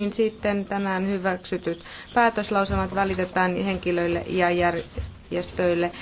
niin sitten tänään hyväksytyt päätöslauselmat välitetään henkilöille ja järjestöille,